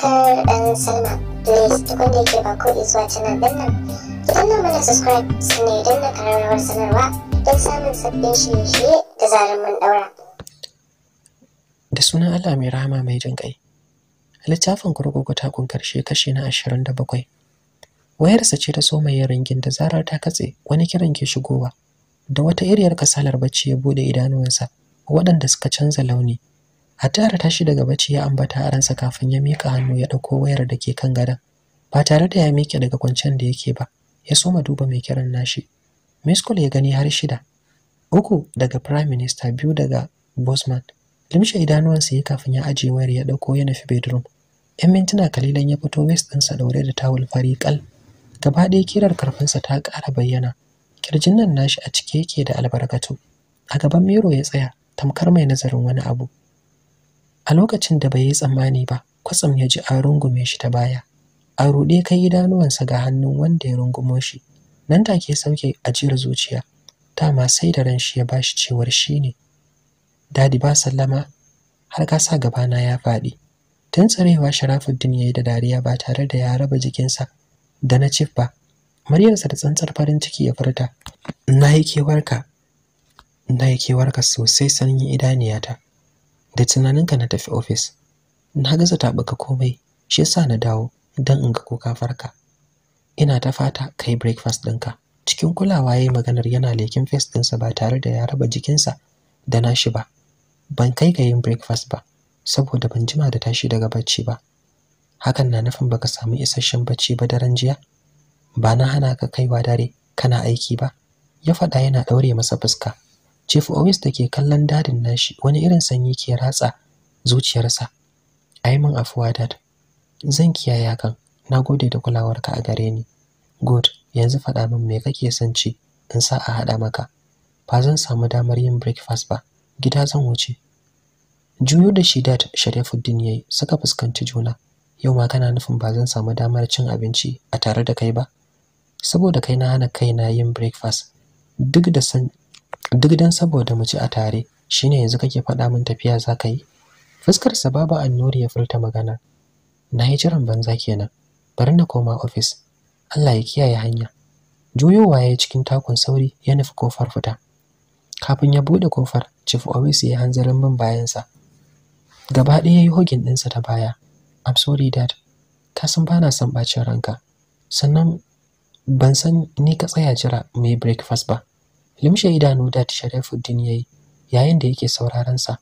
subscribe and sign up. Please ke ba ko subscribe sanarwa don samun da zarar Da sunan Allah mai mai jin kai. Littafin kurkuku takun karshe kashi na ashirin da bakwai. Wayarsa ce ta soma yin ringin da zarar ta katse wani kiran ke shigowa. Da wata iriyar kasalar bacci ya bude idanuwansa waɗanda suka canza launi A tara tashi daga bacci ya ambata a ransa kafin ya mika hannu ya ɗauko wayar da ke kan gadon. Ba tare da ya mike daga kwancen da yake ba, ya soma duba mai kiran nashi. Miskul ya gani har shida. Uku daga Prime Minister, biyu daga Bosman. Limshe idanuwansa ya kafin ya ajiye wayar ya ɗauko ya nufi bedroom. 'Yan mintuna kalilan ya fito waist ɗinsa daure da tawul fari kal. Gaba ɗaya kirar karfinsa ta ƙara bayyana. Kirjin nan nashi a cike yake da albarkatu. A gaban Miro ya tsaya, tamkar mai nazarin wani abu. a lokacin da bai yi tsammani ba kwatsam ya ji a rungume shi ta baya a ruɗe kai idanuwansa ga hannun wanda ya rungumo shi nan take sauke ajiyar zuciya dama sai da ran shi ya bashi cewar shi ne dadi ba sallama har ka sa gabana ya faɗi tun tsarewa sharafuddin ya yi da dariya ba tare da ya raba jikinsa da na cif ba muryarsa da tsantsar farin ciki ya furta na yi kewarka sosai sanyin idaniyata da tunaninka na tafi ofis na gaza taɓuka komai shi yasa na dawo dan in ga ko farka ina ta fata kai breakfast ka cikin kulawa yayi maganar yana lekin face ɗinsa ba tare da ya raba jikinsa da nashi ba ban kai ga yin breakfast ba saboda ban jima da tashi daga bacci ba hakan na nufin baka samu isasshen bacci ba daren jiya ba na hana ka kaiwa dare kana aiki ba ya faɗa yana ɗaure masa fuska Chief Owens da ke kallon dadin nashi wani irin sanyi ke ratsa zuciyarsa. Ai min afuwa dad. Zan kiyaye kan, Na gode da kulawarka a gare ni. Good, yanzu faɗa min me kake son ci in sa a haɗa maka. Ba zan samu damar yin breakfast ba. Gida zan wuce. Juyo da shi dad Sharifuddin yayi suka fuskanci juna. Yau ma kana nufin ba zan samu damar cin abinci a tare da kai ba? Saboda kai na hana kaina yin breakfast. Duk da san duk dan saboda mu ci a tare shine yanzu kake faɗa min tafiya za ka yi sa babu annuri ya furta magana na yi jiran banza kenan bari na koma ofis Allah ya kiyaye hanya juyowa ya yi cikin takun sauri ya nufi kofar fita kafin ya buɗe kofar chief office ya hanzarin bin bayansa gaba ɗaya ya yi hogin ɗinsa ta baya I'm sorry dad ka san bana san ɓacin ranka sannan ban san ni ka tsaya jira mai breakfast ba limshe idanu da Sharifuddin yayi yayin da yake sauraron sa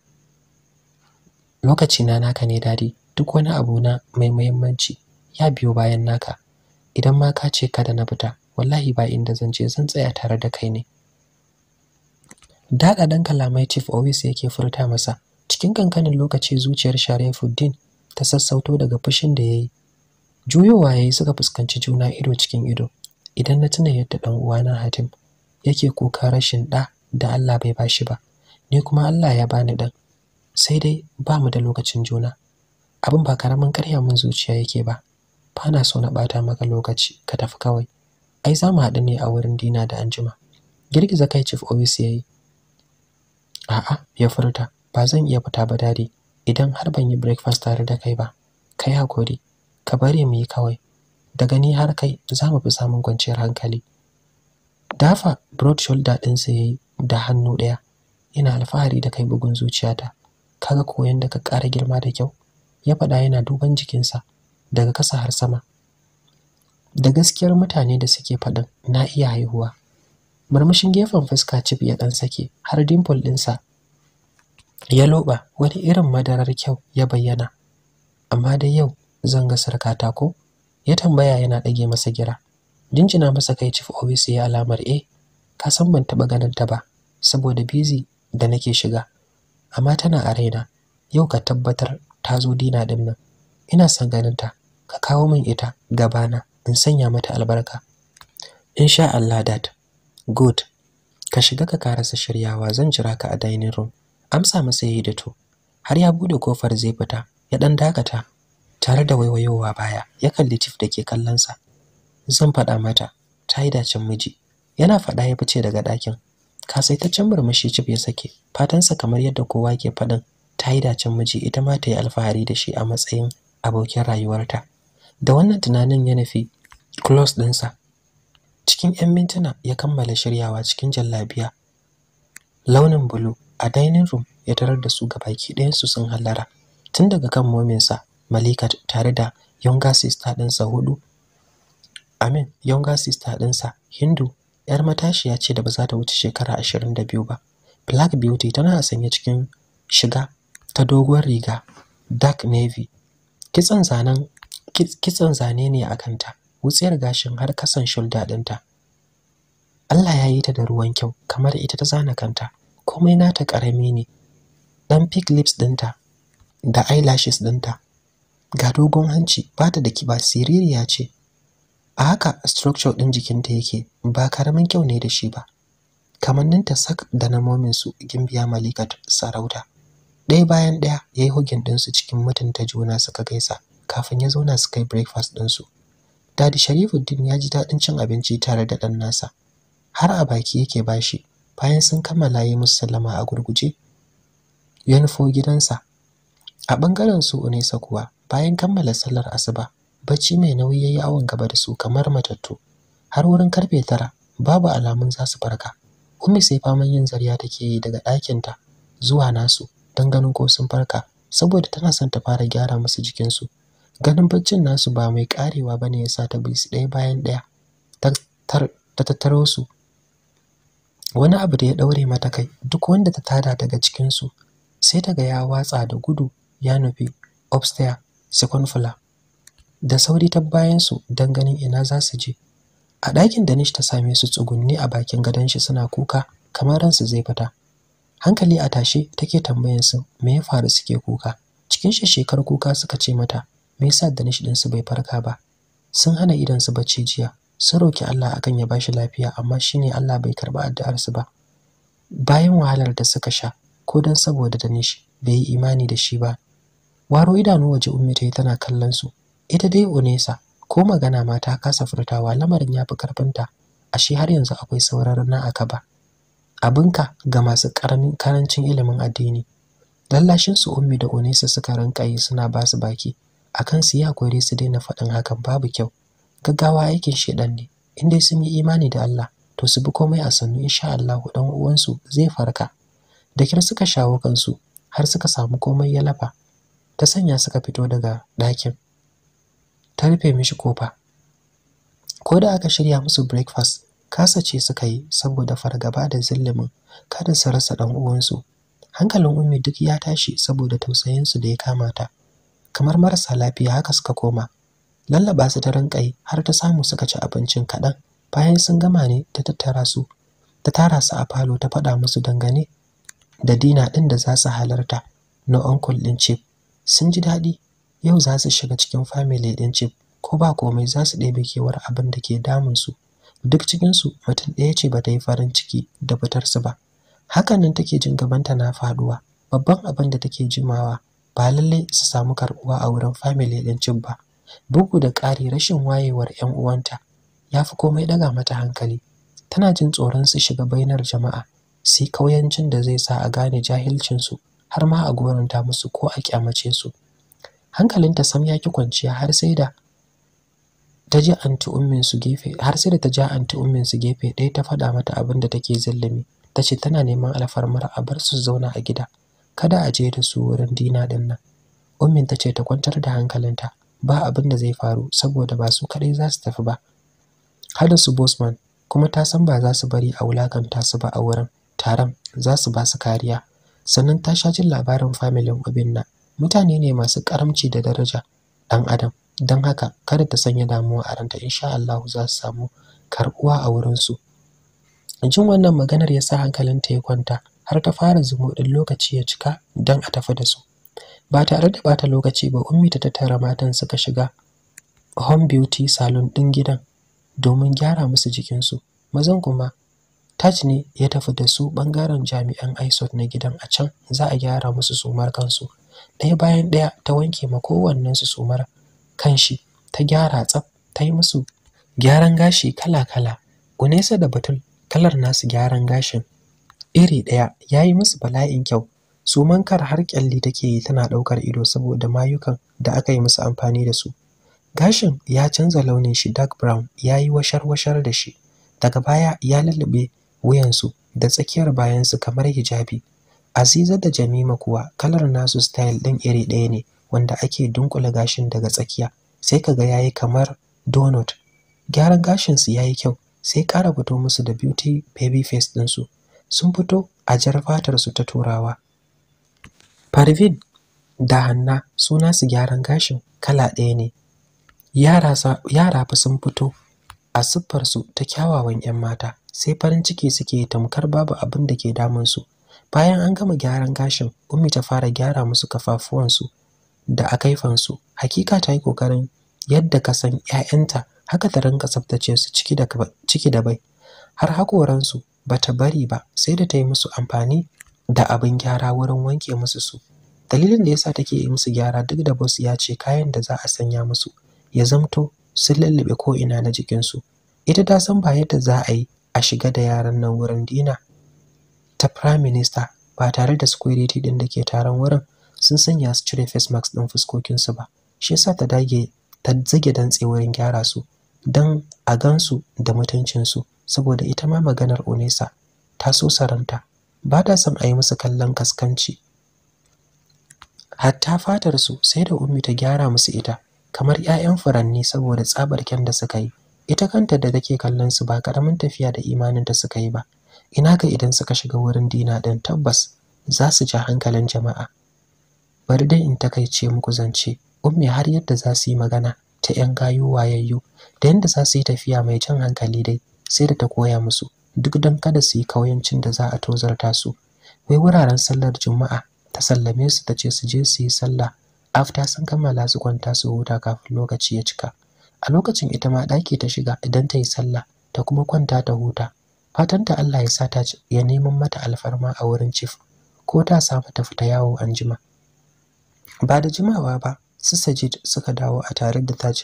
lokaci na naka ne dadi duk wani abu na mai muhimmanci ya biyo bayan naka idan ma ka ce kada na fita wallahi ba inda zan je zan tsaya tare da kai ne dada dan kalamai chief always yake furta masa cikin kankanin lokaci zuciyar Sharifuddin ta sassauto daga fushin da yayi juyowa yayi suka fuskanci juna ido cikin ido idan na tuna yadda dan uwana Hatim yake kuka rashin ɗa da Allah bai bashi ba ni kuma Allah ya bani ɗan sai dai ba mu da lokacin juna abin ba karamin ƙarya min zuciya yake ba ba na so na ɓata maka lokaci ka tafi kawai ai za mu haɗu ne a wurin dina da anjima girgiza kai chief obis ya yi a'a ya furta ba zan iya fita ba dadi idan har ban yi breakfast tare da kai ba kai hakuri ka bari mu yi kawai daga ni har kai za mu fi samun kwanciyar hankali dafa broad shoulder ɗinsa ya yi da hannu ɗaya ina alfahari da kai bugun zuciyata kaga koyon da ka ƙara girma da kyau ya faɗa yana duban jikinsa daga ƙasa har sama da gaskiyar mutane da suke faɗin na iya haihuwa Marmashin gefen fuska cif ya ɗan sake har dimple ɗinsa ya loɓa wani irin madarar kyau ya bayyana amma da yau zan ga sarkata ko ya tambaya yana ɗage masa gira jinjina masa kai chief obisi ya alamar eh ka san ban taɓa ganin ta ba saboda busy da nake shiga amma tana a raina yau ka tabbatar ta zo dina din nan ina san ganin ta ka kawo min ita gabana in sanya mata albarka insha Allah dad good ka shiga ka karasa shiryawa zan jira ka a dining room amsa masa yayi da to har ya bude kofar zai fita ya dan dakata tare da waiwayowa baya ya kalli Chief da ke sa zan faɗa mata ta yi dacin miji yana faɗa ya fice daga ɗakin kasaitaccen murmushi cif ya sake fatansa kamar yadda kowa ke faɗin ta yi dacin miji ita ma ta yi alfahari da shi a matsayin abokin rayuwarta da wannan tunanin ya nufi close ɗinsa cikin 'yan mintuna ya kammala shiryawa cikin jallabiya launin bulu a dining room ya tarar da su ga baki ɗayansu sun hallara tun daga kan mominsa malika tare da younger sister ɗinsa hudu amin younger sister ɗinsa hindu yar matashiya ce da ba za ta wuce shekara ashirin da biyu ba black beauty tana sanye cikin shiga ta doguwar riga dark navy kitson zanen kitsan zane ne a kanta wutsiyar gashin har kasan shulda ɗinta Allah ya yi ta da ruwan kyau kamar ita ta zana kanta komai nata ƙarami ne dan pink lips ɗinta da eyelashes ɗinta ga dogon hanci ba ta da kiba siririya ce a haka structure ɗin jikinta yake ba karamin kyau ne da shi ba ta sak da na su gimbiya malikat sarauta ɗaya bayan ɗaya ya yi hugin ɗinsu cikin mutunta juna suka gaisa kafin ya zauna suka kai breakfast ɗinsu dadi sharifuddin ya ji daɗin cin abinci tare da ɗan nasa har a baki yake bashi bayan sun kammala yi musu sallama a gurguje ya gidansa a ɓangaren su unesa kuwa bayan kammala sallar asuba bacci mai nauyi ya yi awon gaba da su kamar matattu har wurin karfe tara babu alamun za su farka Umi sai faman yin zariya take yi daga ɗakinta zuwa nasu don ganin ko sun farka saboda tana son ta fara gyara musu jikinsu ganin baccin nasu ba mai ƙarewa ba ne ya sa ta bisu ɗaya bayan ɗaya ta tattaro su wani abu da ya ɗaure mata kai duk wanda ta tada daga cikinsu sai ta ga ya watsa da gudu ya nufi upstairs second floor da sauri ta bayan su don ganin ina za su je a ɗakin da ta same su tsugunni a bakin gadon shi suna kuka kamar ransu zai fita hankali a tashe take tambayan su me ya faru suke kuka cikin shekar kuka suka ce mata me yasa da nish su bai farka ba sun hana idan su bacci jiya sun roki Allah akan ya bashi lafiya amma shine Allah bai karba addu'ar su ba bayan wahalar da suka sha ko dan saboda Danish bai yi imani da shi ba waro idanu waje ummi tayi tana kallon su ita dai onesa ko magana ma ta kasa furtawa lamarin ya fi karfinta ashe har yanzu akwai sauraron na ba? abinka ga masu karancin ilimin addini lallashin su ummi da onesa suka rankaye suna ba su baki akan su ya kore su daina faɗin hakan babu kyau gaggawa aikin shedan ne in dai sun yi imani da Allah to su bi komai a sannu insha Allah dan uwansu zai farka da kyar suka shawo kansu har suka samu komai ya lafa ta sanya suka fito daga ɗakin ta rufe mishi kofa ko da aka shirya musu breakfast kasa ce suka yi saboda fargaba da zillimin kada su rasa dan uwansu hankalin ummi duk ya tashi saboda tausayin su da ya kamata. kamar marasa lafiya haka suka koma lallaba su ta yi har ta samu suka ci abincin kaɗan bayan sun gama ne ta tattara su ta tara su a falo ta faɗa musu dangane da dina ɗin da za su halarta na onkul ɗin ce sun ji daɗi yau za su shiga cikin family ɗin Chief ko ba komai za su ɗebe kewar abin da ke damun su duk cikin su mutum ɗaya ce ba ta yi farin ciki da fitar su ba nan take jin gabanta na faduwa babban abin da take jimawa ba lalle su samu karɓuwa a wurin family ɗin Chief ba bugu da ƙari rashin wayewar 'yan uwanta ya fi komai ɗaga mata hankali tana jin tsoron su shiga bainar jama'a sai kauyancin da zai sa a gane jahilcinsu har ma a goranta musu ko a kyamace su hankalinta sam ya ki kwanciya har sai da ta ji anti ummin su gefe har sai da ta ja anti ummin su gefe ɗaya ta faɗa mata abin da take zallami tace tana neman alfarmar a bar su zauna a gida kada a je da su wurin dina din nan ummin tace ta kwantar da hankalinta ba abin da zai faru saboda ba su kaɗai za su tafi ba hada su bosman kuma ta san ba za su bari a wulakanta su ba a wurin taron za su ba su kariya sannan ta sha jin labarin familin ubin na. mutane ne masu karamci da daraja dan adam don haka kada ta sanya damuwa a ranta insha Allah za su samu karbuwa a wurin su jin wannan maganar ya sa hankalinta ya kwanta har ta fara zumuɗin lokaci ya cika don a tafi da su ba tare da bata lokaci ba ummi ta tattara matan suka shiga home beauty salon din gidan domin gyara musu jikinsu mazan kuma Taj ne ya tafi da su ɓangaren jami'an ISOT na gidan a can za a gyara musu sumar kansu. Ɗaya bayan ɗaya ta wanke ma su sumar kanshi, ta gyara tsaf, ta yi musu gyaran gashi kala-kala. Unesa da Batul kalar nasu gyaran gashin iri ɗaya ya yi musu bala'in kyau. sumankar har ƙyalli take yi tana ɗaukar ido saboda mayukan da aka yi musu amfani da su. Gashin ya canza launin shi dark brown ya yi washar-washar da shi. Daga baya ya lullube wuyansu da tsakiyar bayansu kamar hijabi aziza da jamima kuwa kalar nasu style ɗin iri ɗaya ne wanda ake dunkula gashin daga tsakiya sai kaga yayi kamar donut gyaran gashinsu yayi kyau sai ƙara fito musu da beauty baby face ɗinsu sun fito a jar su ta turawa parvin da hanna suna su gyaran gashin kala ɗaya ne yara fa sun fito a siffarsu ta kyawawan 'yan mata sai farin ciki suke tamkar babu abin da ke damunsu bayan an gama gyaran gashin ummi ta fara gyara musu kafafuwansu da akaifansu hakika ta yi kokarin yadda ka san 'ya'yanta haka ta rinka tsaftace su ciki da bai har hakoransu bata bari ba sai da ta yi musu amfani da abin gyara wurin wanke musu su dalilin da yasa take yi musu gyara duk da boss ya ce kayan da za a sanya musu ya zamto sun lallube ko ina na jikinsu ita ta san ba yadda za a yi a shiga da yaran nan wurin dina ta prime minister ba tare da security din da ke taron wurin sun sanya su cire face mask din fuskokinsu ba shi yasa ta dage ta zage dantse wurin gyara su don a gansu da mutuncinsu saboda ita ma maganar onesa ta so saranta ba ta son a yi musu kallon kaskanci hatta fatarsu sai da ummi ta gyara musu ita kamar 'ya'yan furanni saboda tsabar kyan da suka yi ita kanta da take kallon su ba karamin tafiya da imanin ta suka yi ba ina ga idan suka shiga wurin dina din tabbas za su ja hankalin jama'a bari dai in takaice muku zance ummi har yadda za su yi magana ta yan gayu wayayyu da yadda za su yi tafiya mai jan hankali dai sai da ta koya musu duk don kada su yi kauyancin da za a tozarta su wai wuraren sallar juma'a ta sallame su ta ce su je su yi sallah afta sun kammala su kwanta su huta kafin lokaci ya cika a lokacin ita ma ɗaki ta shiga idan ta yi sallah ta kuma kwanta ta huta fatanta Allah ya sa ta ya neman mata alfarma a wurin cif ko ta samu ta fita yawo an jima ba da jimawa ba su sajid suka dawo a tare da taj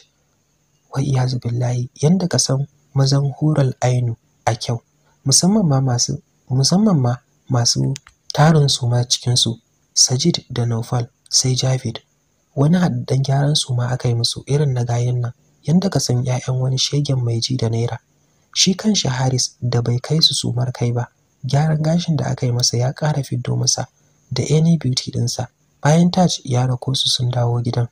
wai iyazu billahi yanda ka san mazan hural ainu a kyau musamman ma masu musamman ma masu tarin su ma cikin su sajid da naufal sai javid wani haddan gyaran su ma aka yi musu irin na gayin nan yanda ka san 'ya'yan wani shegen mai ji da naira shi kanshi Haris da bai kai su sumar kai ba gyaran gashin da aka yi masa ya ƙara fiddo masa da any beauty ɗinsa bayan Taj ya rako su sun dawo gidan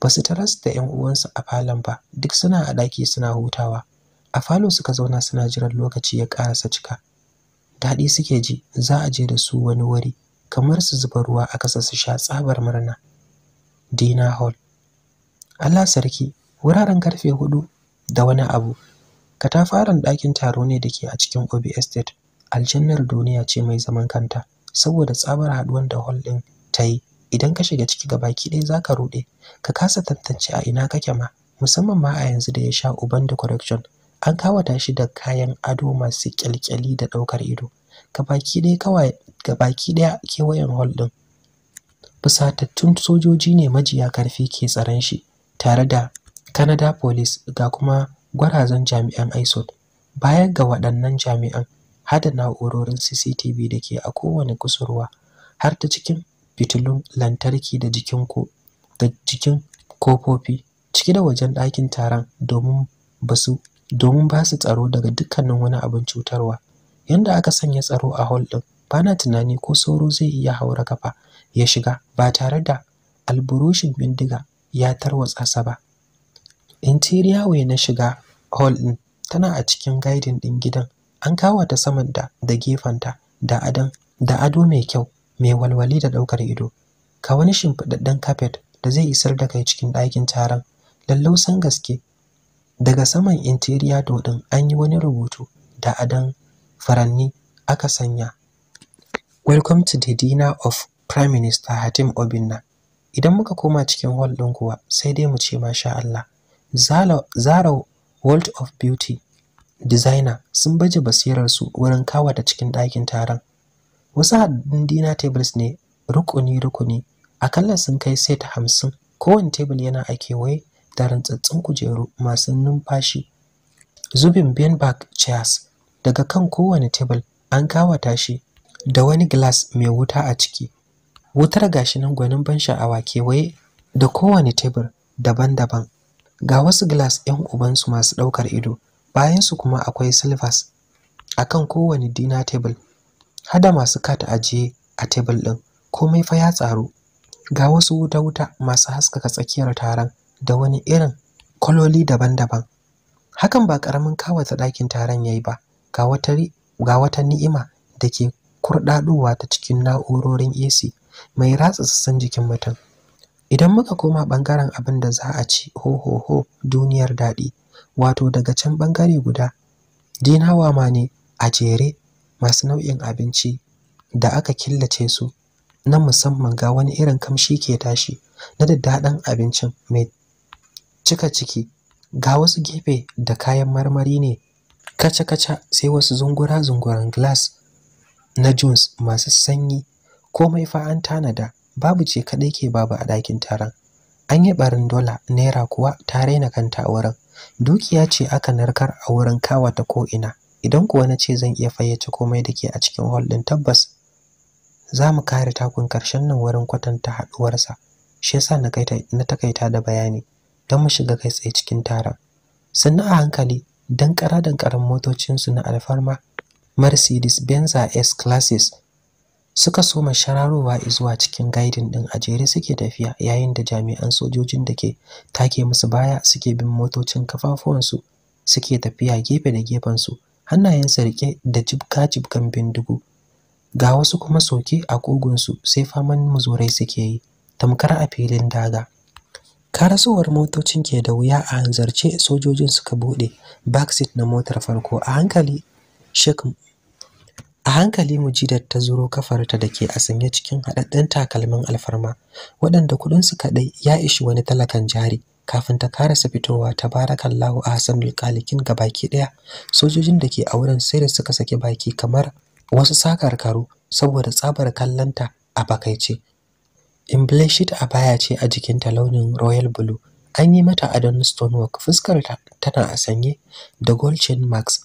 ba su taras da 'yan uwansu a falon ba duk suna a ɗaki suna hutawa a falo suka zauna suna jiran lokaci ya ƙarasa cika daɗi suke ji za a je da su wani wuri kamar su zuba ruwa a ƙasa su sha tsabar murna dina hall allah sarki wuraren karfe hudu da wani abu katafaren ɗakin taro ne da ke a cikin obi estate aljannar duniya ce mai zaman kanta saboda tsabar haduwan da hall ɗin ta yi idan ka shiga ciki gaba baki ɗaya za ka ruɗe ka kasa tantance a ina kake ma musamman ma a yanzu da ya sha uban da correction an kawata shi da kayan ado masu kyalkyali da ɗaukar ido Ka baki ɗaya kewayen hall ɗin fusatattun sojoji ne majiya karfi ke tsaron shi tare da Canada Police ga kuma gwarazan jami'an ISOT. Bayan ga waɗannan jami'an, hada na'urorin CCTV da ke a kowane kusurwa har ta cikin fitilun lantarki da jikin ko da jikin kofofi ciki da wajen ɗakin taron domin basu domin ba su tsaro daga dukkanin wani abin cutarwa. Yanda aka sanya tsaro a hall ɗin, bana tunani ko sauro zai iya haura kafa ya shiga ba tare da alburushin bindiga ya tarwatsa sa ba. interior way na shiga hall din tana a cikin guiding din gidan an kawata saman da da ta da adon da ado mai kyau mai walwali da daukar ido ka wani shimfidaddan carpet da zai isar da kai cikin ɗakin taron lallausan gaske daga saman interior do din an yi wani rubutu da adan faranni aka sanya welcome to the dinner of prime minister Hatim Obinna idan muka koma cikin hall din kuwa sai dai mu ce masha Allah Zara World of Beauty designer sun baje basirarsu wurin kawata cikin ɗakin taron. Wasu haɗin dina tables ne rukuni-rukuni akalla sun kai set hamsin kowane tebul yana a kewaye da rantsattsun kujeru masu numfashi. Zubin beanbag chairs daga kan kowane tebul an kawata shi da wani glass mai wuta a ciki. Wutar gashi nan gwanin ban sha'awa kewaye da kowane tebur daban-daban ga wasu glass ɗin ubansu masu ɗaukar ido bayansu kuma akwai silvers a kan kowane dina table hada masu kat ajiye a table ɗin komai fa ya tsaro ga wasu wuta-wuta masu haskaka tsakiyar taron da wani irin kololi daban-daban hakan ba ƙaramin kawata ɗakin taron yayi ba ga wata ga wata ni'ima da ke kurɗaɗowa ta cikin na'urorin AC mai ratsa sassan jikin mutum idan muka koma ɓangaren abin da za a ci ho ho ho duniyar daɗi wato daga can ɓangare guda dinawa ma ne a jere masu nau'in abinci da aka killace su na musamman ga wani irin kamshi ke tashi na da daɗin abincin mai cika ciki ga wasu gefe da kayan marmari ne kaca-kaca sai wasu zungura-zunguran glass na Jones masu sanyi komai fa an tanada babu ce kaɗai ke babu a ɗakin taron an yi barin dola naira kuwa ta raina kanta a wurin dukiya ce aka narkar a wurin kawata ta ko'ina idan kuwa na ce zan iya fayyace komai da ke a cikin hall ɗin tabbas za mu kare takun karshen nan wurin kwatanta haɗuwarsa shi yasa na takaita da bayani don mu shiga kai tsaye cikin taron sannu a hankali dan kara dan karan motocinsu na alfarma mercedes benza s classes suka soma shararowa zuwa cikin gaidin din a jere suke tafiya yayin da jami'an sojojin da ke take musu baya suke bin motocin kafafuwansu suke tafiya gefe da gefensu hannayensu rike da jibka-jibkan bindigu ga wasu kuma soke a kogunsu sai faman muzurai suke yi tamkar a filin daga karasowar motocin ke da wuya a hanzarce sojojin suka bude backseat na motar farko a hankali Sheikh a hankali ji ta zuro kafarta da ke a sanye cikin haɗaɗɗen takalmin alfarma waɗanda kuɗinsu kaɗai ya ishi wani talakan jari kafin ta karasa fitowa tabarakallahu ahsanul ga baki ɗaya sojojin da ke a wurin sai da suka saki baki kamar wasu sakar karo saboda tsabar kallanta a bakaice Imbleshit a baya ce a jikinta launin royal blue an yi mata adon stonework fuskar ta tana a sanye da gold chain marks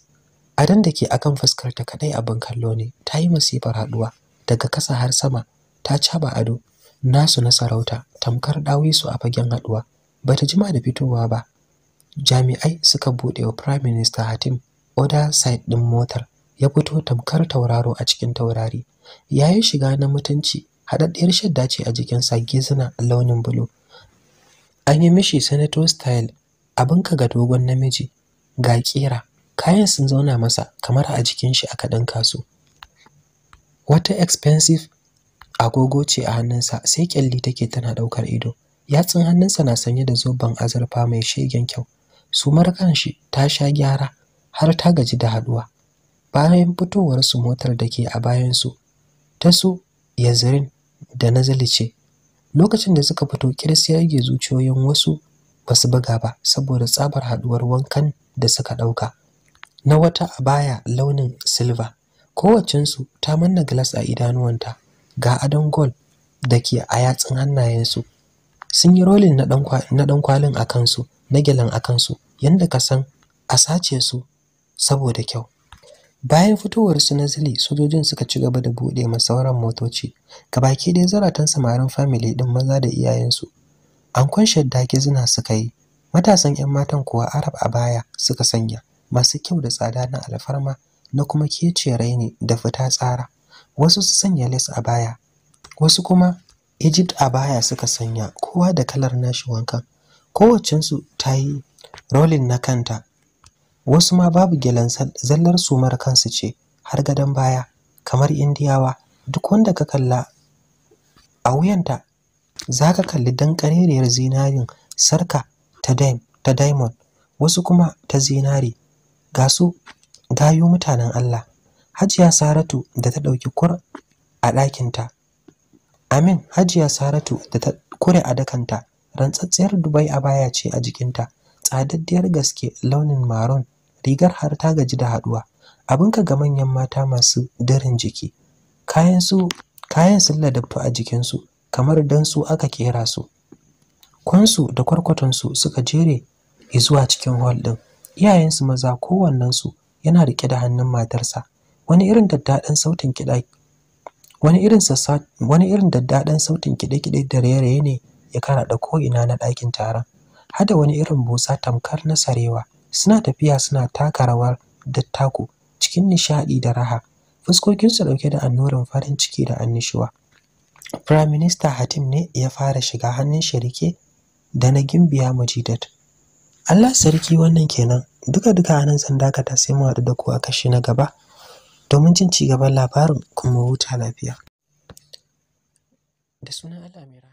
adan da ke akan fuskar ta kadai abin kallo ne ta yi masifar haduwa daga kasa har sama ta caba ado nasu na sarauta tamkar su a fagen haduwa ta jima da fitowa ba jami'ai suka bude wa prime minister Hatim oda side din motar ya fito tamkar tauraro a cikin taurari yayin shiga na mutunci haɗaɗɗiyar shadda ce a jikinsa gizuna launin bulu an yi mishi senator style abinka ga dogon namiji ga kira kayan sun zauna masa kamar a jikin shi aka ɗinka su wata expensive agogo ce a hannunsa sai kyalli take tana ɗaukar ido yatsun hannunsa na sanye da zoben azurfa mai shegen kyau su markan shi ta sha gyara har ta gaji da haɗuwa bayan fitowar su motar da ke a bayansu ta su yazirin da na zalice lokacin da suka fito kirs ya rage zuciyoyin wasu ba su buga ba saboda tsabar haɗuwar wankan da suka ɗauka. na wata a baya launin silva kowacensu ta manna glass a idanuwanta ga adon gold da ke a yatsun hannayensu sun yi rolin na dan kwalin a kansu na gilan a kansu yadda ka san a sace su saboda kyau bayan fitowarsu na zili sojojin suka ci gaba da buɗe masauran motoci baki dai zaratan samarin famili din maza da iyayensu an kwanshe daki zina suka yi matasan 'yan matan kuwa arab a baya suka sanya masu kyau da tsada na alfarma na kuma kece ne da fita tsara wasu su sanya les a baya wasu kuma egypt a baya suka sanya kowa da kalar nashi wankan kowacensu ta yi rolin na kanta wasu ma babu gyalan zallar sumar kansu ce har gadon baya kamar indiyawa duk wanda ka kalla a wuyanta za ka kalli dan ƙarerriyar zinarin sarka ta diamond wasu kuma ta zinari ga su gayu mutanen Allah Hajiya Saratu da ta ɗauki kur a ɗakinta Amin Hajiya Saratu da ta kure a dakanta rantsatsiyar Dubai a baya ce a jikinta tsadaddiyar gaske launin maron rigar har ta gaji da haduwa ka ga manyan mata masu darin jiki kayan su kayan sun ladabtu a jikinsu kamar dan su aka kera su kwansu da kwarkwatonsu suka jere zuwa cikin hall din iyayensu maza kowannensu yana rike da hannun matarsa wani irin daddaɗan sautin kiɗa wani irin sassa wani irin daddaɗan sautin kiɗe-kiɗe da raye-raye ne ya karaɗa ko'ina na ɗakin taron hada wani irin busa tamkar na sarewa suna tafiya suna taka rawar dattako cikin nishaɗi da raha fuskokinsu ɗauke da annorin farin ciki da annishuwa Firaminista Hatim ne ya fara shiga hannun shirike da na Gimbiya Mujidat Allah sarki wannan kenan duka duka anan zan dakata sai mu haɗu da ku a kashi na gaba domin jin ci gaban labarin kuma huta lafiya da sunan Allah mai